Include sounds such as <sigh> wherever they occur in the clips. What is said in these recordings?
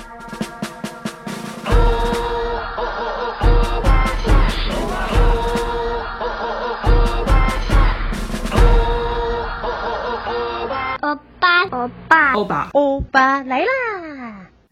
歐歐歐巴上歐巴上歐巴歐巴歐巴來啦、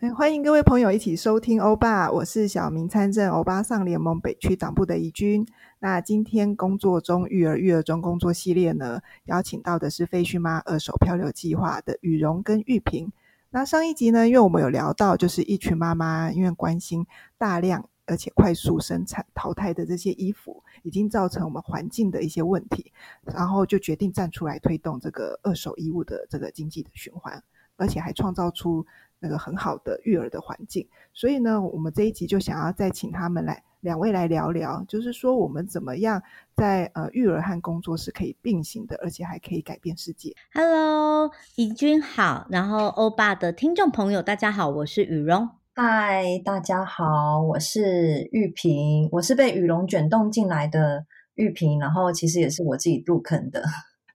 欸！歡迎各位朋友一起收聽歐巴，我是小民參政歐巴桑聯盟北區黨部的怡君。那今天工作中育兒育兒中工作系列呢，邀請到的是廢遜媽二手漂流計劃的語蓉跟玉萍。那上一集呢，因為我們有聊到，就是一群媽媽因為關心大量而且快速生產淘汰的這些衣服，已經造成我們環境的一些問題，然後就決定站出來推動這個二手衣物的這個經濟的循環，而且還創造出，那個很好的育兒的環境，所以呢，我們這一集就想要再請他們來兩位來聊聊，就是說我們怎麼樣在呃育兒和工作是可以並行的，而且還可以改變世界。Hello，怡君好，然後歐吧的聽眾朋友大家好，我是語蓉。Hi，大家好，我是玉萍。我是被語蓉卷動進來的玉萍，然後其實也是我自己入坑的。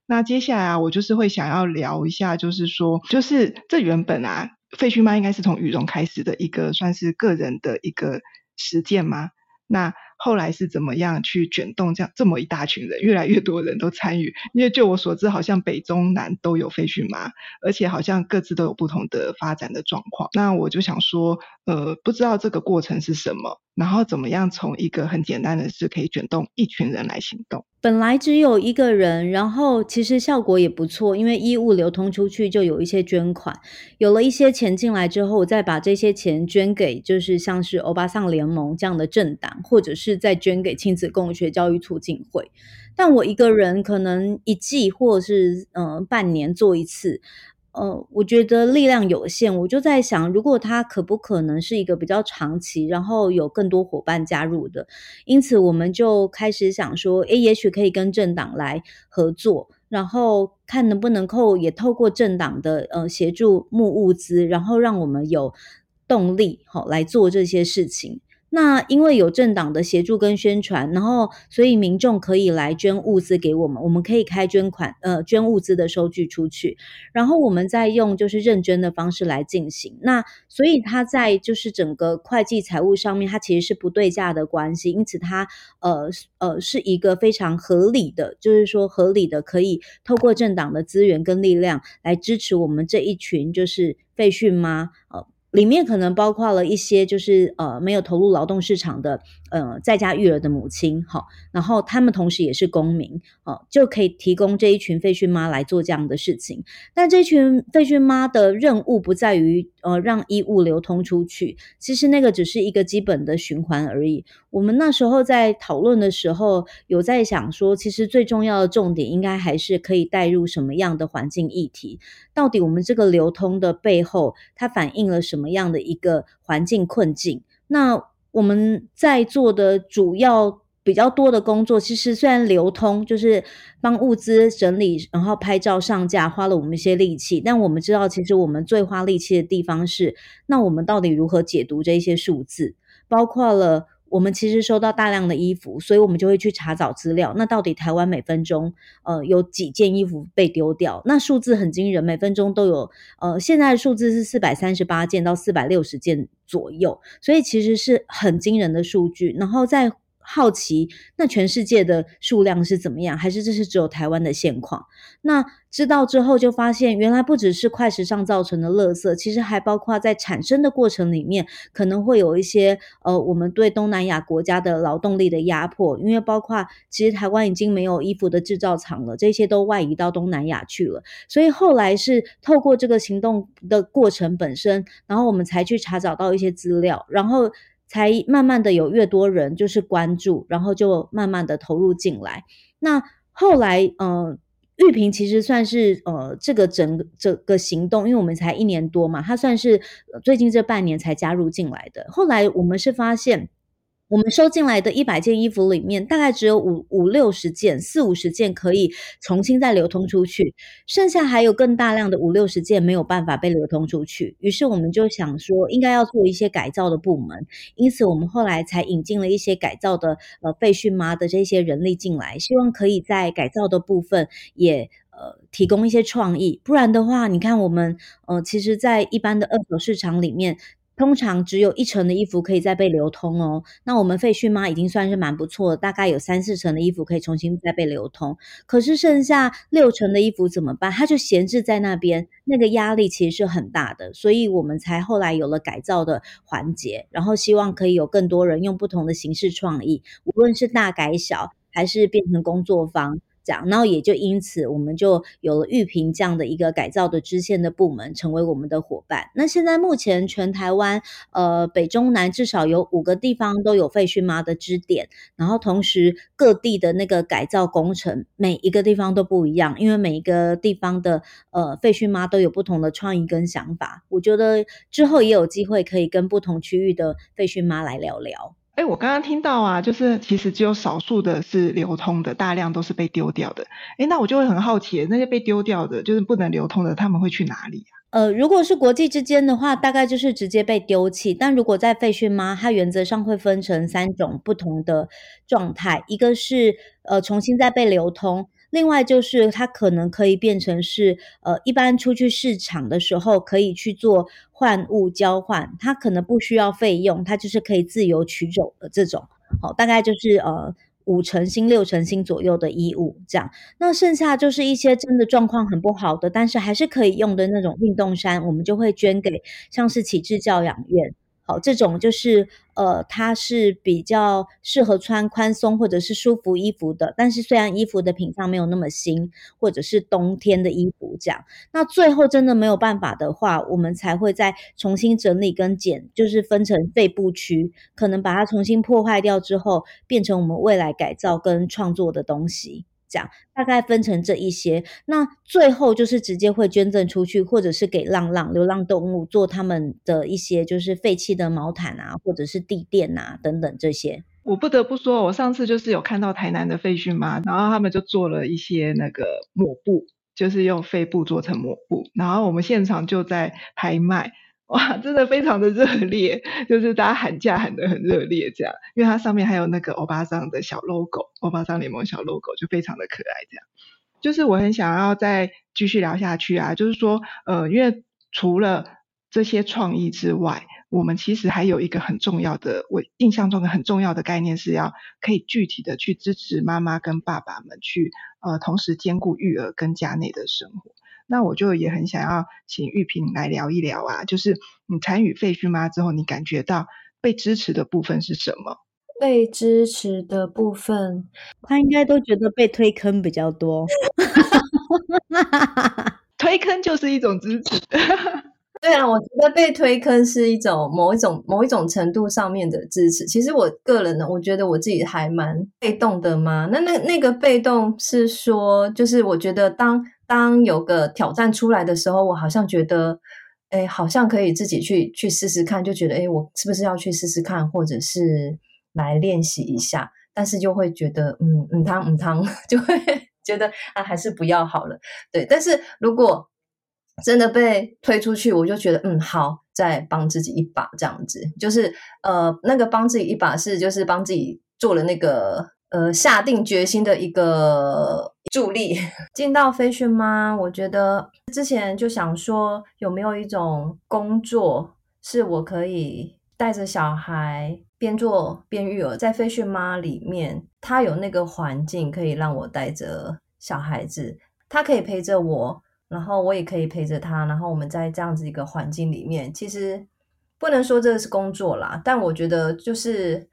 那接下來啊，我就是會想要聊一下，就是說，就是這原本啊。廢遜媽應該是從語蓉開始的一個算是個人的一個實踐嗎？那後來是怎麼樣去卷動這樣這麼一大群人，越來越多人都參與？因為就我所知，好像北中南都有廢遜媽，而且好像各自都有不同的發展的狀況。那我就想說，呃，不知道這個過程是什麼。然後怎麼樣從一個很簡單的事可以捲動一群人來行動？本來只有一個人，然後其實效果也不錯，因為衣物流通出去就有一些捐款，有了一些錢進來之後，我再把這些錢捐給就是像是歐巴桑聯盟這樣的政黨，或者是再捐給親子共學教育促進會。但我一個人可能一季或者是，呃，半年做一次。呃，我覺得力量有限，我就在想，如果他可不可能是一個比較長期，然後有更多夥伴加入的。因此，我們就開始想說，誒，也許可以跟政黨來合作，然後看能不能夠也透過政黨的呃協助募物資，然後讓我們有動力好、齁，來做這些事情。那因為有政黨的協助跟宣傳，然後所以民眾可以來捐物資給我們，我們可以開捐款呃捐物資的收據出去，然後我們再用就是認捐的方式來進行。那所以他在就是整個會計財務上面，它其實是不對價的關係，因此它呃呃是一個非常合理的，就是說合理的可以透過政黨的資源跟力量來支持我們這一群就是廢遜媽，呃。裡面可能包括了一些就是呃沒有投入勞動市場的呃在家育兒的母親，好，然後他們同時也是公民，哦、呃，就可以提供這一群廢遜媽來做這樣的事情。但這群廢遜媽的任務不在於呃讓衣物流通出去，其實那個只是一個基本的循環而已。我們那時候在討論的時候有在想說，其實最重要的重點應該還是可以帶入什麼樣的環境議題？到底我們這個流通的背後，它反映了什麼？怎麼樣的一個環境困境？那我們在做的主要比較多的工作，其實雖然流通就是幫物資整理，然後拍照上架，花了我們一些力氣。但我們知道，其實我們最花力氣的地方是，那我們到底如何解讀這一些數字，包括了。我們其實收到大量的衣服，所以我們就會去查找資料。那到底台灣每分鐘，呃，有幾件衣服被丟掉？那數字很驚人，每分鐘都有。呃，現在的數字是四百三十八件到四百六十件左右，所以其實是很驚人的數據。然後在好奇，那全世界的數量是怎麼樣？還是這是只有台灣的現況？那知道之後就發現，原來不只是快時尚造成的垃圾，其實還包括在產生的過程裡面，可能會有一些呃，我們對東南亞國家的勞動力的壓迫。因為包括其實台灣已經沒有衣服的製造廠了，這些都外移到東南亞去了。所以後來是透過這個行動的過程本身，然後我們才去查找到一些資料，然後。才慢慢的有越多人就是關注，然後就慢慢的投入進來。那後來，呃，玉萍其實算是呃這個整個，整個行動，因為我們才一年多嘛，他算是最近這半年才加入進來的。後來我們是發現。我們收進來的一百件衣服裡面，大概只有五五六十件，四五十件可以重新再流通出去，剩下還有更大量的五六十件沒有辦法被流通出去。於是我們就想說，應該要做一些改造的部門，因此我們後來才引進了一些改造的呃廢遜媽的這些人力進來，希望可以在改造的部分也呃提供一些創意。不然的話，你看我們呃，其實，在一般的二手市場裡面。通常只有一成的衣服可以再被流通哦，那我們廢遜媽已經算是蠻不錯的，大概有三四成的衣服可以重新再被流通，可是剩下六成的衣服怎麼辦？它就閒置在那邊，那個壓力其實是很大的，所以我們才後來有了改造的環節，然後希望可以有更多人用不同的形式創意，無論是大改小，還是變成工作坊。講，然後也就因此，我們就有了玉萍這樣的一個改造的支線的部門，成為我們的伙伴。那現在目前全台灣，呃，北中南至少有五個地方都有廢遜媽的支點，然後同時各地的那個改造工程，每一個地方都不一樣，因為每一個地方的呃廢遜媽都有不同的創意跟想法。我覺得之後也有機會可以跟不同區域的廢遜媽來聊聊。哎，我剛剛聽到啊，就是其實只有少數的是流通的，大量都是被丟掉的。哎，那我就會很好奇，那些被丟掉的，就是不能流通的，他們會去哪裡啊？呃，如果是國際之間的話，大概就是直接被丟棄。但如果在廢墟嘛？它原則上會分成三種不同的狀態，一個是呃重新再被流通。另外就是它可能可以變成是，呃，一般出去市場的時候可以去做換物交換，它可能不需要費用，它就是可以自由取走的這種。好、哦，大概就是呃五成新六成新左右的衣物這樣，那剩下就是一些真的狀況很不好的，但是還是可以用的那種運動衫，我們就會捐給像是啟智教養院。好、哦，這種就是呃，它是比較適合穿寬鬆或者是舒服衣服的，但是雖然衣服的品相沒有那麼新，或者是冬天的衣服這樣，那最後真的沒有辦法的話，我們才會再重新整理跟剪，就是分成廢布區，可能把它重新破壞掉之後，變成我們未來改造跟創作的東西。大概分成這一些，那最後就是直接會捐贈出去，或者是給浪浪流浪動物做他們的一些就是廢棄的毛毯啊，或者是地墊啊等等這些。我不得不說，我上次就是有看到台南的廢遜嘛，然後他們就做了一些那個抹布，就是用廢布做成抹布，然後我們現場就在拍賣。哇，真的非常的熱烈，就是大家喊價喊得很熱烈這樣，因為它上面還有那個歐巴桑的小 logo，歐巴桑聯盟小 logo 就非常的可愛這樣。就是我很想要再繼續聊下去啊，就是說，呃，因為除了這些創意之外，我們其實還有一個很重要的，我印象中的很重要的概念是要可以具體的去支持媽媽跟爸爸們去，呃，同時兼顧育兒跟家內的生活。那我就也很想要請玉萍來聊一聊啊，就是你參與廢遜媽之後，你感覺到被支持的部分是什麼？被支持的部分，他應該都覺得被推坑比較多。 <laughs> <laughs> 推坑就是一種支持。 <laughs> 對啊，我覺得被推坑是一種某一種某一種程度上面的支持。其實我個人呢，我覺得我自己還蠻被動的嘛。那那那個被動是說，就是我覺得當。當有個挑戰出來的時候，我好像覺得，哎，好像可以自己去去試試看，就覺得，哎，我是不是要去試試看，或者是來練習一下？但是就會覺得，嗯嗯湯，他嗯他就會覺得啊，還是不要好了。對，但是如果真的被推出去，我就覺得，嗯，好，再幫自己一把，這樣子。就是呃，那個幫自己一把是，就是幫自己做了那個。呃，下定決心的一個助力，進到廢遜媽，我覺得之前就想說，有沒有一種工作是我可以帶着小孩邊做邊育兒。在廢遜媽裡面，他有那個環境可以讓我帶着小孩子，他可以陪着我，然後我也可以陪着他，然後我們在這樣子一個環境裡面，其實不能說這個是工作啦，但我覺得就是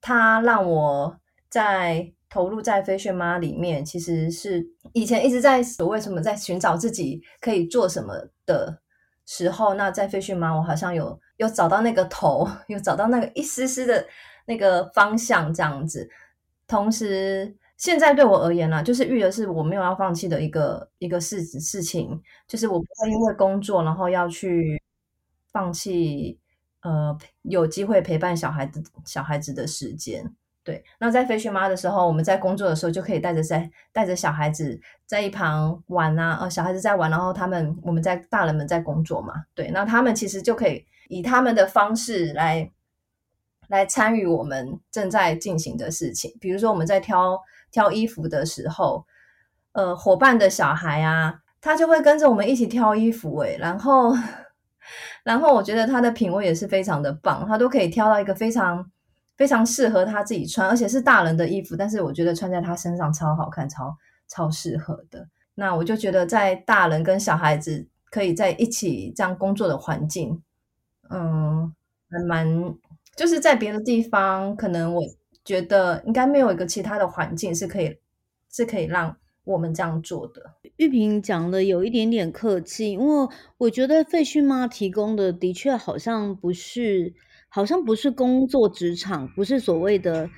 它讓我。在投入在廢遜媽裡面，其實是以前一直在所謂什麼在尋找自己可以做什麼的時候，那在廢遜媽，我好像有有找到那個頭，有找到那個一絲絲的那個方向，這樣子。同時，現在對我而言呢，就是育兒是我沒有要放棄的一個一個事事情，就是我不會因為工作，然後要去放棄呃有機會陪伴小孩子小孩子的時間。對，那在廢遜媽的時候，我們在工作的時候就可以帶着在帶着小孩子在一旁玩啊，呃、哦，小孩子在玩，然後他們我們在大人們在工作嘛，對，那他們其實就可以以他們的方式來來參與我們正在進行的事情，比如說我們在挑挑衣服的時候，呃，伙伴的小孩啊，他就會跟着我們一起挑衣服、欸，哎，然後然後我覺得他的品味也是非常的棒，他都可以挑到一個非常。非常適合他自己穿，而且是大人的衣服，但是我覺得穿在他身上超好看，超超適合的。那我就覺得，在大人跟小孩子可以在一起這樣工作的環境，嗯，還蠻就是在別的地方，可能我覺得應該沒有一個其他的環境是可以是可以讓我們這樣做的。玉萍講的有一點點客氣，因為我覺得廢遜媽提供的的確好像不是。好像不是工作職場，不是所謂的，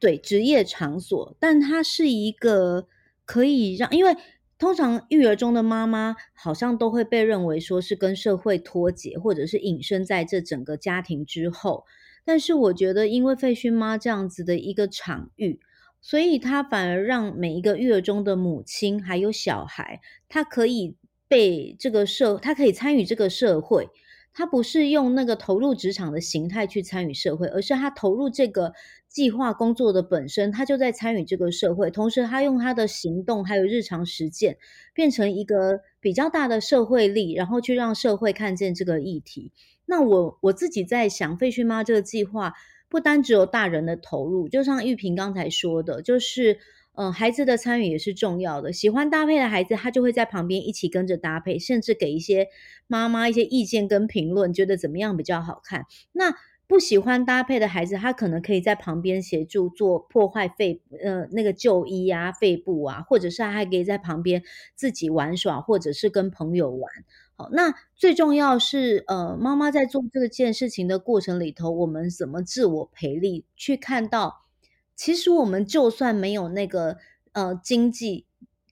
對，職業場所，但它是一個可以讓，因為通常育兒中的媽媽好像都會被認為說是跟社會脫節，或者是隱身在這整個家庭之後。但是我覺得，因為廢遜媽這樣子的一個場域，所以她反而讓每一個育兒中的母親還有小孩，她可以被這個社，她可以參與這個社會。他不是用那個投入職場的形態去參與社會，而是他投入這個計劃工作的本身，他就在參與這個社會。同時，他用他的行動還有日常實踐，變成一個比較大的社會力，然後去讓社會看見這個議題。那我我自己在想，廢遜媽這個計劃不單只有大人的投入，就像玉萍剛才說的，就是。嗯，孩子的參與也是重要的。喜歡搭配的孩子，他就會在旁邊一起跟着搭配，甚至給一些媽媽一些意見跟評論，覺得怎麼樣比較好看。那不喜歡搭配的孩子，他可能可以在旁邊協助做破壞廢，呃，那個舊衣啊、廢布啊，或者是他還可以在旁邊自己玩耍，或者是跟朋友玩。好，那最重要是，呃，媽媽在做這件事情的過程裡頭，我們怎麼自我培力，去看到。其實我們就算沒有那個呃經濟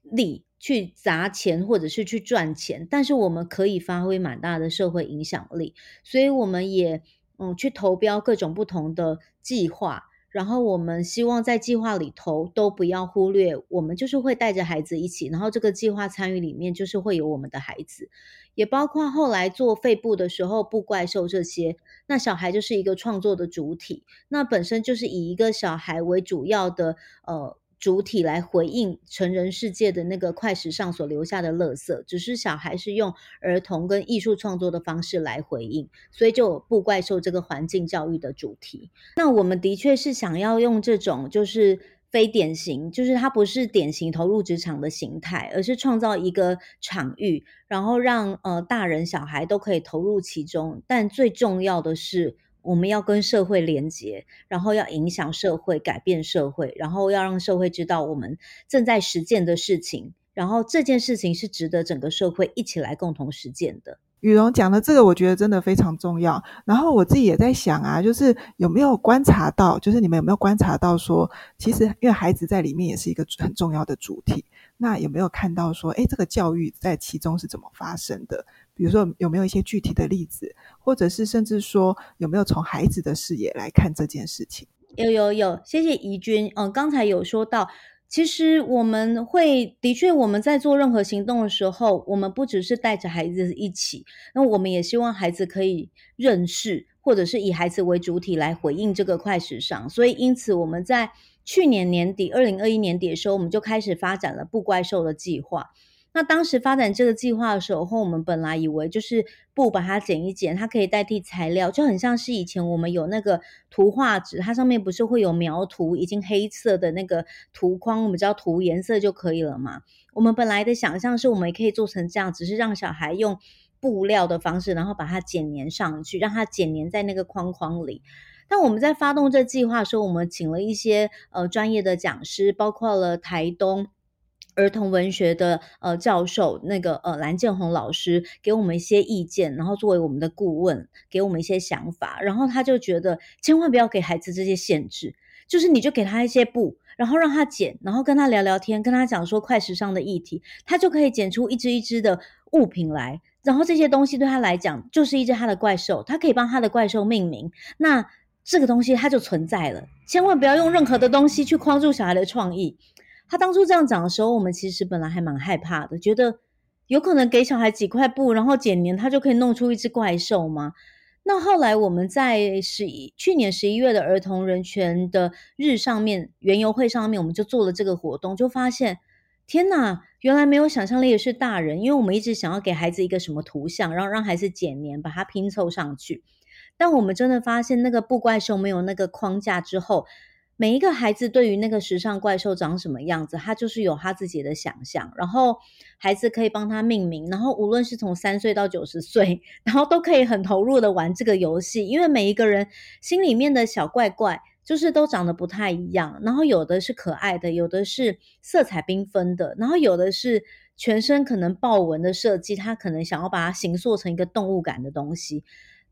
力去砸錢或者是去賺錢，但是我們可以發揮蠻大的社會影響力，所以我們也嗯去投標各種不同的計劃。然後我們希望在計劃裡頭都不要忽略，我們就是會帶着孩子一起，然後這個計劃參與裡面就是會有我們的孩子，也包括後來做肺部的時候布怪獸這些，那小孩就是一個創作的主體，那本身就是以一個小孩為主要的呃。主體來回應成人世界的那個快時尚所留下的垃圾，只是小孩是用兒童跟藝術創作的方式來回應，所以就不怪獸這個環境教育的主題。那我們的確是想要用這種就是非典型，就是它不是典型投入職場的形態，而是創造一個場域，然後讓呃大人小孩都可以投入其中。但最重要的是。我們要跟社會連接，然後要影響社會、改變社會，然後要讓社會知道我們正在實踐的事情，然後這件事情是值得整個社會一起來共同實踐的。語蓉講的這個，我覺得真的非常重要。然後我自己也在想啊，就是有沒有觀察到，就是你們有沒有觀察到說，其實因為孩子在裡面也是一個很重要的主體，那有沒有看到說，誒，這個教育在其中是怎麼發生的？比如說有沒有一些具體的例子，或者是甚至說有沒有從孩子的視野來看這件事情？有有有，謝謝怡君。嗯，剛才有說到，其實我們會的確我們在做任何行動的時候，我們不只是帶着孩子一起，那我們也希望孩子可以認識，或者是以孩子為主體來回應這個快時尚。所以因此我們在去年年底，二零二一年底的時候，我們就開始發展了不怪獸的計劃。那當時發展這個計劃的時候，我們本來以為就是布把它剪一剪，它可以代替材料，就很像是以前我們有那個圖畫紙，它上面不是會有描圖，已經黑色的那個圖框，我們只要塗顏色就可以了嘛。我們本來的想象是我們可以做成這樣，只是讓小孩用布料的方式，然後把它剪粘上去，讓它剪粘在那個框框裡。但我們在發動這個計劃的時候，我們請了一些呃專業的講師，包括了台東。兒童文學的呃教授，那個呃藍劍虹老師給我們一些意見，然後作為我們的顧問，給我們一些想法。然後他就覺得，千萬不要給孩子這些限制，就是你就給他一些布，然後讓他剪，然後跟他聊聊天，跟他講說快時尚的議題，他就可以剪出一只一只的物品來。然後這些東西對他來講，就是一只他的怪獸，他可以幫他的怪獸命名。那這個東西它就存在了。千萬不要用任何的東西去框住小孩的創意。他當初這樣講的時候，我們其實本來還蠻害怕的，覺得有可能給小孩幾塊布，然後剪黏，他就可以弄出一只怪獸嗎？那後來我們在十一去年十一月的兒童人權的日上面，園遊會上面，我們就做了這個活動，就發現，天哪，原來沒有想象力的是大人，因為我們一直想要給孩子一個什麼圖像，然後讓孩子剪黏，把它拼湊上去。但我們真的發現，那個布怪獸沒有那個框架之後。每一個孩子對於那個時尚怪獸長什麼樣子，他就是有他自己的想象，然後孩子可以幫他命名，然後無論是從三歲到九十歲，然後都可以很投入的玩這個遊戲，因為每一個人心裡面的小怪怪就是都長得不太一樣，然後有的是可愛的，有的是色彩繽紛的，然後有的是全身可能豹紋的設計，他可能想要把它形塑成一個動物感的東西。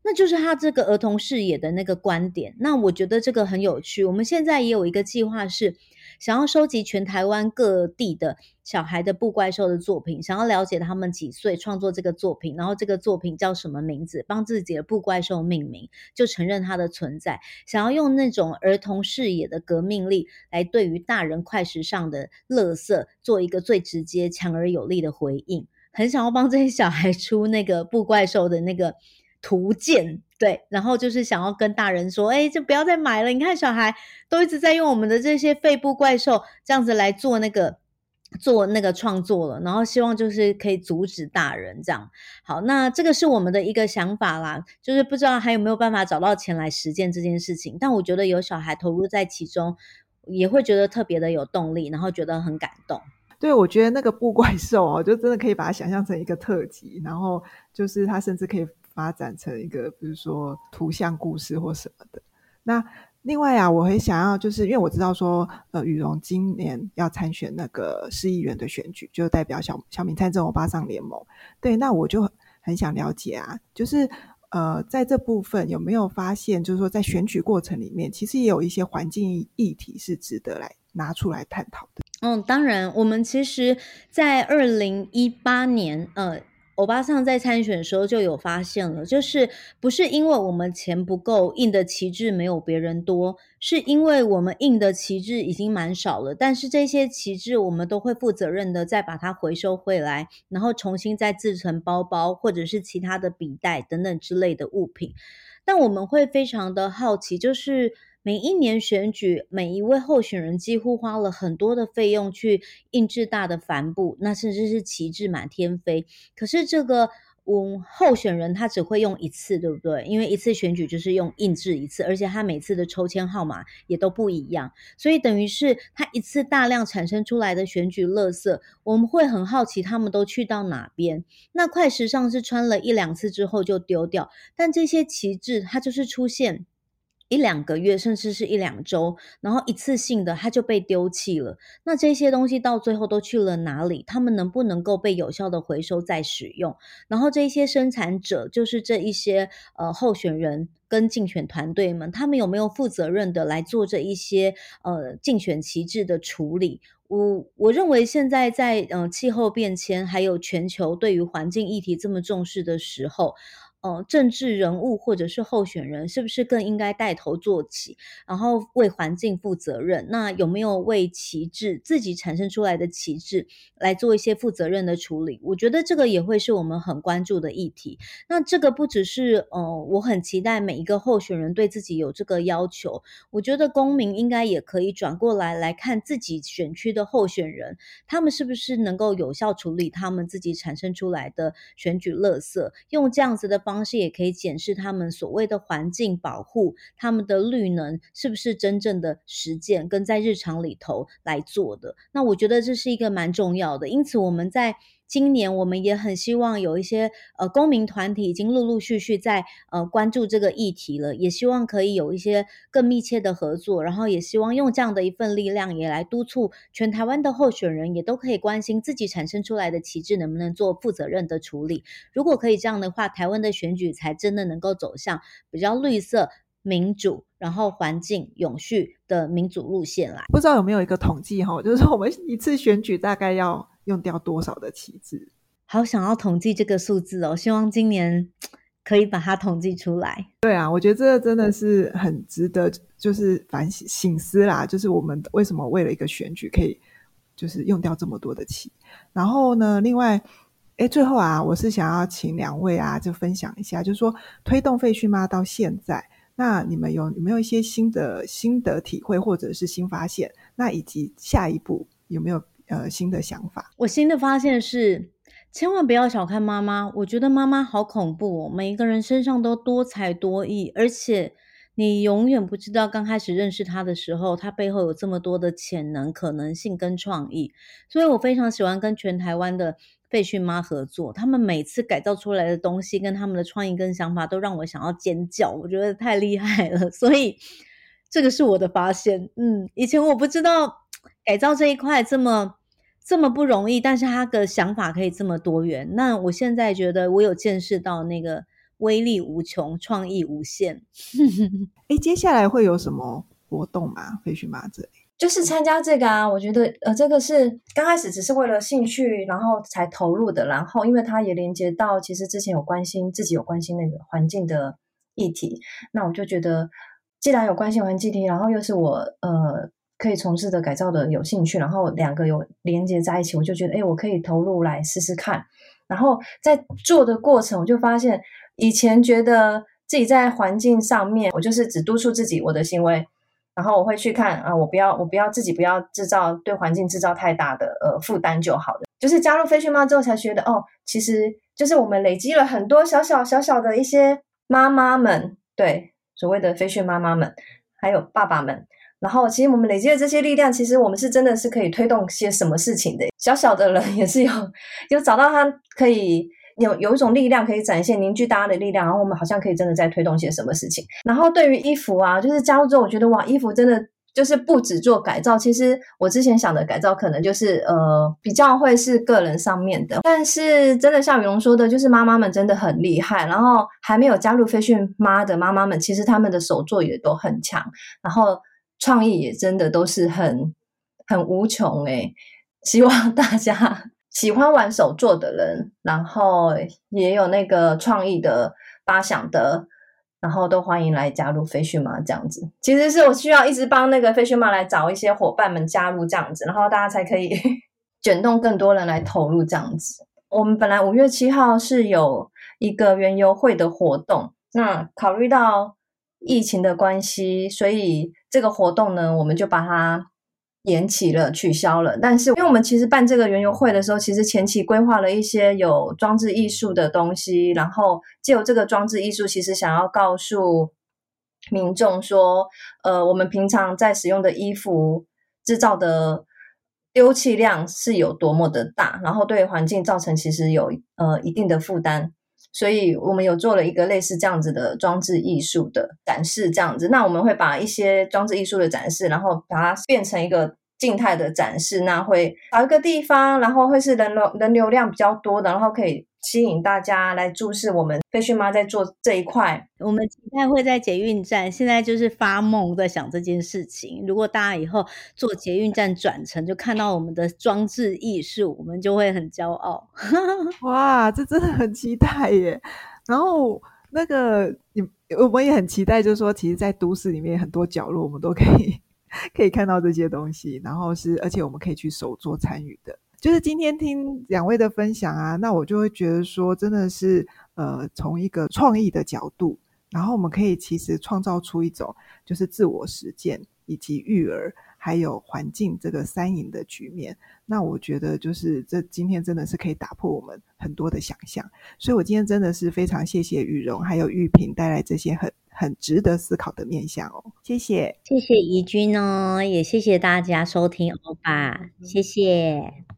那就是他這個兒童視野的那個觀點。那我覺得這個很有趣。我們現在也有一個計劃，是想要收集全台灣各地的小孩的布怪獸的作品，想要了解他們幾歲創作這個作品，然後這個作品叫什麼名字，幫自己的布怪獸命名，就承認它的存在。想要用那種兒童視野的革命力，來對於大人快時尚的垃圾做一個最直接、強而有力的回應。很想要幫這些小孩出那個布怪獸的那個。圖鑑。對，然後就是想要跟大人說，哎、欸，就不要再買了。你看，小孩都一直在用我們的這些廢布怪獸這樣子來做那個做那個創作了。然後希望就是可以阻止大人這樣。好，那這個是我們的一個想法啦，就是不知道還有沒有辦法找到錢來實踐這件事情。但我覺得有小孩投入在其中，也會覺得特別的有動力，然後覺得很感動。對，我覺得那個布怪獸哦、啊，就真的可以把它想象成一個特輯，然後就是它甚至可以。發展成一個，比如說圖像故事或什麼的。那另外啊，我很想要，就是因為我知道說，呃，語蓉今年要參選那個市議員的選舉，就代表小小民參政歐巴桑聯盟。對，那我就很想了解，啊，就是呃，在這部分有沒有發現，就是說在選舉過程裡面，其實也有一些環境議題是值得來拿出來探討的。嗯、哦，當然，我們其實，在二零一八年，呃。歐巴桑在參選的時候就有發現了，就是不是因為我們錢不夠，印的旗幟沒有別人多，是因為我們印的旗幟已經蠻少了。但是這些旗幟我們都會負責任的再把它回收回來，然後重新再制成包包或者是其他的筆袋等等之類的物品。但我們會非常的好奇，就是。每一年選舉，每一位候選人幾乎花了很多的費用去印制大的帆布，那甚至是旗幟滿天飛。可是這個嗯候選人他只會用一次，對不對？因為一次選舉就是用印制一次，而且他每次的抽籤號碼也都不一樣，所以等於是他一次大量產生出來的選舉垃圾，我們會很好奇他們都去到哪邊。那快時尚是穿了一兩次之後就丟掉，但這些旗幟它就是出現。一兩個月，甚至是一兩週，然後一次性的，它就被丟棄了。那這些東西到最後都去了哪裡？他們能不能夠被有效的回收再使用？然後這些生產者，就是這一些呃候選人跟競選團隊們，他們有沒有負責任的來做這一些呃競選旗幟的處理？我我認為現在在呃氣候變遷還有全球對於環境議題這麼重視的時候。哦，政治人物或者是候選人，是不是更應該帶頭做起，然後為環境負責任？那有沒有為旗幟自己產生出來的旗幟來做一些負責任的處理？我覺得這個也會是我們很關注的議題。那這個不只是哦、呃，我很期待每一個候選人對自己有這個要求。我覺得公民應該也可以轉過來來看自己選區的候選人，他們是不是能夠有效處理他們自己產生出來的選舉垃圾，用這樣子的方。方式也可以檢視他們所謂的環境保護，他們的綠能是不是真正的實踐，跟在日常裡頭來做的。那我覺得這是一個蠻重要的，因此我們在。今年我們也很希望有一些呃公民團體已經陸陸續續在呃關注這個議題了，也希望可以有一些更密切的合作，然後也希望用這樣的一份力量也來督促全台灣的候選人也都可以關心自己產生出來的旗幟能不能做負責任的處理。如果可以這樣的話，台灣的選舉才真的能夠走向比較綠色、民主，然後環境永續的民主路線來。不知道有沒有一個統計哈，哦，就是說我們一次選舉大概要。用掉多少的旗幟？好想要統計這個數字哦，希望今年可以把它統計出來。對啊，我覺得這真的是很值得，就是反省思啦，就是我們為什麼為了一個選舉可以就是用掉這麼多的旗。嗯。然後呢，另外，誒，最後啊，我是想要請兩位啊，就分享一下，就是說推動廢遜媽到現在，那你們有有沒有一些新的心得體會，或者是新發現？那以及下一步有沒有？呃，新的想法。我新的發現是，千萬不要小看媽媽。我覺得媽媽好恐怖哦，每一個人身上都多才多藝，而且你永遠不知道剛開始認識他的時候，他背後有這麼多的潛能、可能性跟創意。所以我非常喜歡跟全台灣的廢遜媽合作，他們每次改造出來的東西，跟他們的創意跟想法，都讓我想要尖叫。我覺得太厲害了，所以這個是我的發現。嗯，以前我不知道。改造這一塊這麼這麼不容易，但是他的想法可以這麼多元。那我現在覺得我有見識到那個威力無窮、創意無限。哎、 <laughs> 欸，接下來會有什麼活動嗎？廢遜媽這裡就是參加這個啊。我覺得呃，這個是剛開始只是為了興趣，然後才投入的。然後因為他也連接到其實之前有關心自己有關心那個環境的議題。那我就覺得既然有關心環境議題，然後又是我呃。可以從事的改造的有興趣，然後兩個有連接在一起，我就覺得，哎，我可以投入來試試看。然後在做的過程，我就發現，以前覺得自己在環境上面，我就是只督促自己我的行為，然後我會去看啊，我不要，我不要自己不要制造對環境制造太大的呃負擔就好了。 <noise> 就是加入廢遜媽之後才覺得，哦，其實就是我們累積了很多小小小小的一些媽媽們，對，所謂的廢遜媽媽們，還有爸爸們。然後，其實我們累積的這些力量，其實我們是真的是可以推動些什麼事情的。小小的人也是有有找到他可以有有一種力量可以展現，凝聚大家的力量。然後我們好像可以真的在推動些什麼事情。然後對於衣服啊，就是加入之後，我覺得哇，衣服真的就是不止做改造。其實我之前想的改造可能就是呃比較會是個人上面的，但是真的像語蓉說的，就是媽媽們真的很厲害。然後還沒有加入廢遜媽的媽媽們，其實他們的手作也都很強。然後。創意也真的都是很很無窮誒、欸、希望大家喜歡玩手作的人，然後也有那個創意的發想的，然後都歡迎來加入廢遜媽這樣子。其實是我需要一直幫那個廢遜媽來找一些伙伴們加入這樣子，然後大家才可以卷動更多人來投入這樣子。我們本來五月七號是有一個園遊會的活動，那考慮到。疫情的關係，所以這個活動呢，我們就把它延期了，取消了。但是，因為我們其實辦這個園遊會的時候，其實前期規劃了一些有裝置藝術的東西，然後借由這個裝置藝術，其實想要告訴民眾說，呃，我們平常在使用的衣服製造的丟棄量是有多麼的大，然後對環境造成其實有呃一定的負擔。所以我們有做了一個類似這樣子的裝置藝術的展示，這樣子。那我們會把一些裝置藝術的展示，然後把它變成一個靜態的展示。那會找一個地方，然後會是人流、人流量比較多的，然後可以。吸引大家來注視我們廢遜媽在做這一塊。我們期待會在捷運站，現在就是發夢在想這件事情。如果大家以後坐捷運站轉乘，就看到我們的裝置藝術，我們就會很驕傲。哇，這真的很期待耶！然後那個你，我們也很期待，就是說，其實，在都市裡面很多角落，我們都可以可以看到這些東西。然後是，而且我們可以去手作參與的。就是今天聽兩位的分享啊，那我就會覺得說，真的是呃，從一個創意的角度，然後我們可以其實創造出一種就是自我實踐以及育兒還有環境這個三贏的局面。那我覺得就是這今天真的是可以打破我們很多的想象，所以我今天真的是非常謝謝語蓉還有玉萍帶來這些很很值得思考的面向哦，謝謝，謝謝怡君哦，也謝謝大家收聽歐吧、嗯，謝謝。